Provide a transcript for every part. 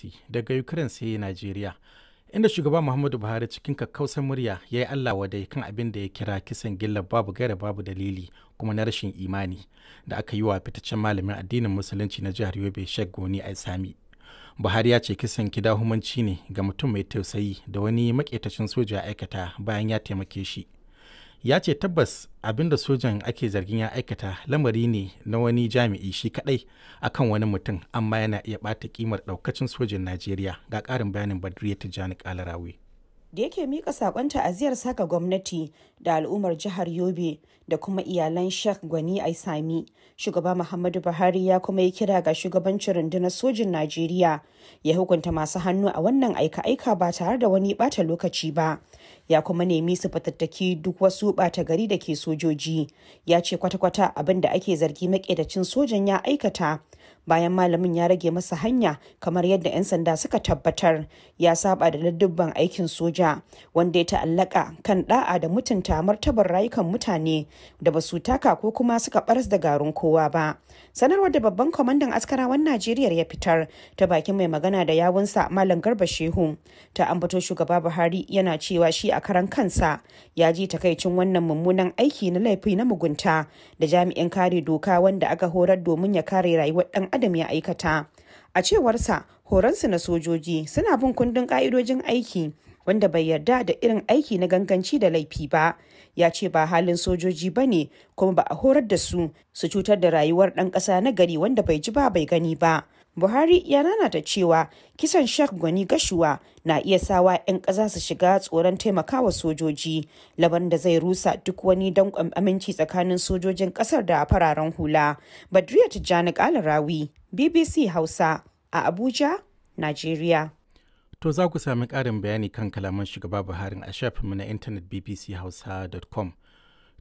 Kristi daga Ukraine sai nigeria Inda shugaban Muhammadu Buhari cikin kakkausar murya ya yi Allah wadai kan abin da ya kira kisan gillar babu gaira babu dalili kuma na rashin imani da aka yi wa fitaccen malamin addinin musulunci na jihar Yobe Sheikh Goni sami Buhari ya ce kisan gida humanci ne ga mutum mai tausayi da wani maƙetacin soja aikata bayan ya taimake shi. ya ce tabbas abinda sojan ake zargin ya aikata lamari ne na wani jami'i shi kadai akan wani mutum amma yana iya bata kimar daukacin sojan najeriya ga karin bayanin badriya tijjani kalarawi da yake mika sakon ta'aziyar saka gwamnati da al'ummar jihar Yobe da kuma iyalan Sheikh Gwani Aisami. Shugaba Muhammadu Buhari ya kuma yi kira ga shugabancin rundunar sojin Najeriya ya hukunta masu hannu a wannan aika-aika ba tare da wani bata lokaci ba. Ya kuma nemi su fatattaki duk wasu bata gari da ke sojoji. Ya ce kwata-kwata abin da ake zargi maƙedacin sojan ya aikata bayan malamin ya rage masa hanya kamar yadda 'yan sanda suka tabbatar ya saba da ladubban aikin soja wanda ya ta'allaka kan da'a da mutunta martabar rayukan mutane da ba su taka ko kuma suka baras da garin kowa ba sanarwar da babban kwamandan askarawan najeriya ya fitar ta bakin mai magana da yawunsa malam garba shehu ta ambato shugaba buhari yana cewa shi a karan kansa ya ji takaicin wannan mummunan aiki na laifi na mugunta da jami'in kare doka wanda aka horar domin ya kare rayuwar dan adam ya aikata a cewarsa horonsu na sojoji suna bin kundin ƙa'idojin aiki wanda bai yarda da irin aiki na ganganci da laifi ba ya ce ba halin sojoji ba ne kuma ba a horar da su su cutar da rayuwar ɗan ƙasa na gari wanda bai ji ba bai gani ba Buhari ya nanata cewa kisan Sheikh Gwani Gashuwa na iya sawa 'yan ƙasa su shiga tsoron taimakawa sojoji, laban da zai rusa duk wani danƙon aminci tsakanin sojojin ƙasar da fararen hula. Badriya Tijjani ra'wi BBC Hausa, a Abuja, Najeriya. To za ku sami ƙarin bayani kan kalaman shugaba Buhari a shafinmu na intanet bbchausa.com.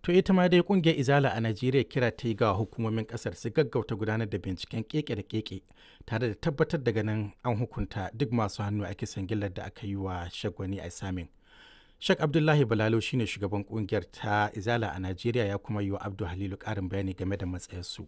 To ita ma dai kungiyar Izala a Najeriya kira ta yi ga hukumomin kasar su gaggauta gudanar da binciken keke da keke tare da tabbatar da ganin an hukunta duk masu hannu a kisan gillar da aka yi wa shagwani a samin. Shek Abdullahi Balalo shine shugaban kungiyar ta Izala a Najeriya ya kuma yi wa Abdu Halilu karin bayani game da matsayarsu.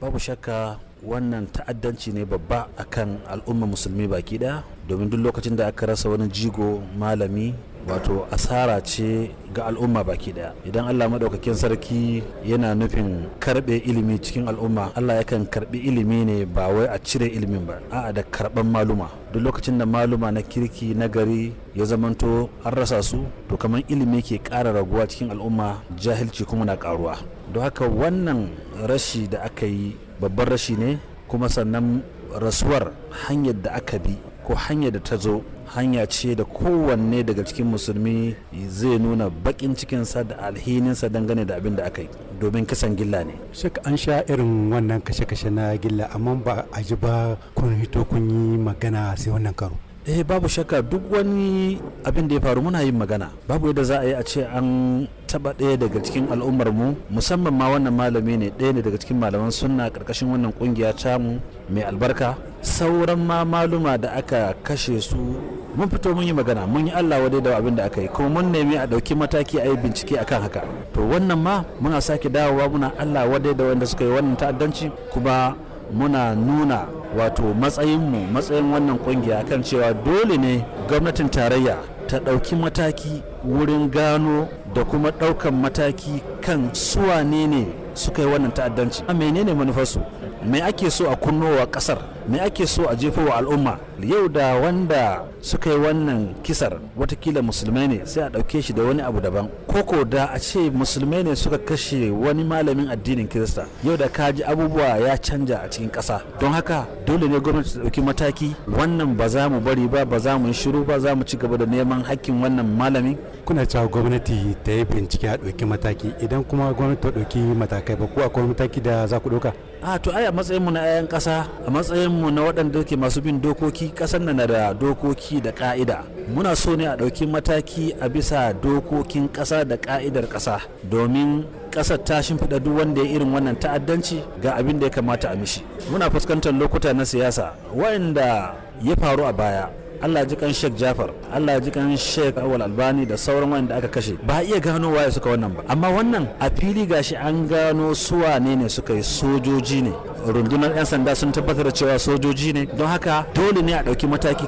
babu shakka wannan ta'addanci ne babba akan al'ummar musulmi baki daya domin duk lokacin da aka rasa wani jigo malami wato asara ce ga al'umma baki daya idan allah maɗaukakin sarki yana nufin karɓe ilimi cikin al'umma allah yakan karɓi ilimi ne ba wai a cire ilimin ba a'a da karɓan maluma duk lokacin da maluma na kirki na gari ya zamanto an rasa su to kamar ilimi ke ƙara raguwa cikin al'umma jahilci kuma na ƙaruwa don haka wannan rashi da aka yi babban rashi ne kuma sannan rasuwar hanyar da aka bi ko hanya da ta zo hanya ce da kowanne daga cikin musulmi zai nuna bakin cikinsa da alhininsa dangane da abin da aka yi domin kisan gilla ne shek an sha irin wannan kashe-kashe na gilla amma ba a ji ba kun hito kun yi magana sai wannan karo eh babu shakka duk wani abin da ya faru muna yin magana babu yadda za a yi a ce an taba ɗaya daga cikin al'ummar mu musamman ma wannan malami ne ɗaya ne daga cikin malaman sunna karkashin wannan kungiya tamu mai albarka sauran ma maluma da aka kashe su mun fito mun yi magana mun yi Allah wadai da abin da aka yi kuma mun nemi a ɗauki mataki a yi bincike akan haka to wannan ma muna sake dawowa muna Allah wadai da wanda suka yi wannan ta'addanci kuma muna nuna wato matsayinmu matsayin wannan kungiya kan cewa dole ne gwamnatin tarayya ta ɗauki mataki wurin gano da kuma ɗaukan mataki kan suwa ne suka yi wannan ta'addanci a menene manufarsu me ake so a kunnowa ƙasar me ake so a jefowa al'umma yau da wanda suka yi wannan kisar watakila musulmai ne sai a ɗauke shi da wani abu daban koko da a ce musulmai ne suka kashe wani malamin addinin kirista yau da kaji abubuwa ya canja a cikin ƙasa don haka dole ne gwamnati ta ɗauki mataki wannan ba za mu bari ba ba za mu yi shiru ba za mu ci gaba da neman hakkin wannan malamin kuna cewa gwamnati ta yi bincike a ɗauki mataki idan kuma gwamnati ta ɗauki matakai ba ko akwai mataki da za ku ɗauka a to ai a matsayin mu na 'ya'yan ƙasa a matsayin mu na waɗanda ke masu bin dokoki kasar na da dokoki da ka'ida muna so ne a ɗauki mataki a bisa dokokin ƙasa da ka'idar ƙasa domin ƙasar ta shimfiɗa duk wanda ya irin wannan ta'addanci ga abin da ya kamata a mishi muna fuskantar lokuta na siyasa wanda ya faru a baya Allah ji kan Sheikh Jafar Allah ji kan Sheikh Awal Albani da sauran wanda aka kashe ba iya gano waye suka wannan ba amma wannan a fili gashi an gano su wane ne suka yi sojoji ne rundunar 'yan sanda sun tabbatar da cewa sojoji ne don haka dole ne a ɗauki mataki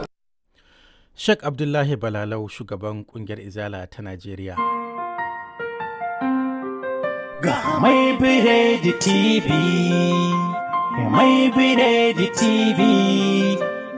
Sheikh Abdullahi Balalau shugaban kungiyar Izala ta Najeriya. Ga mai biredi TV, mai biredi TV.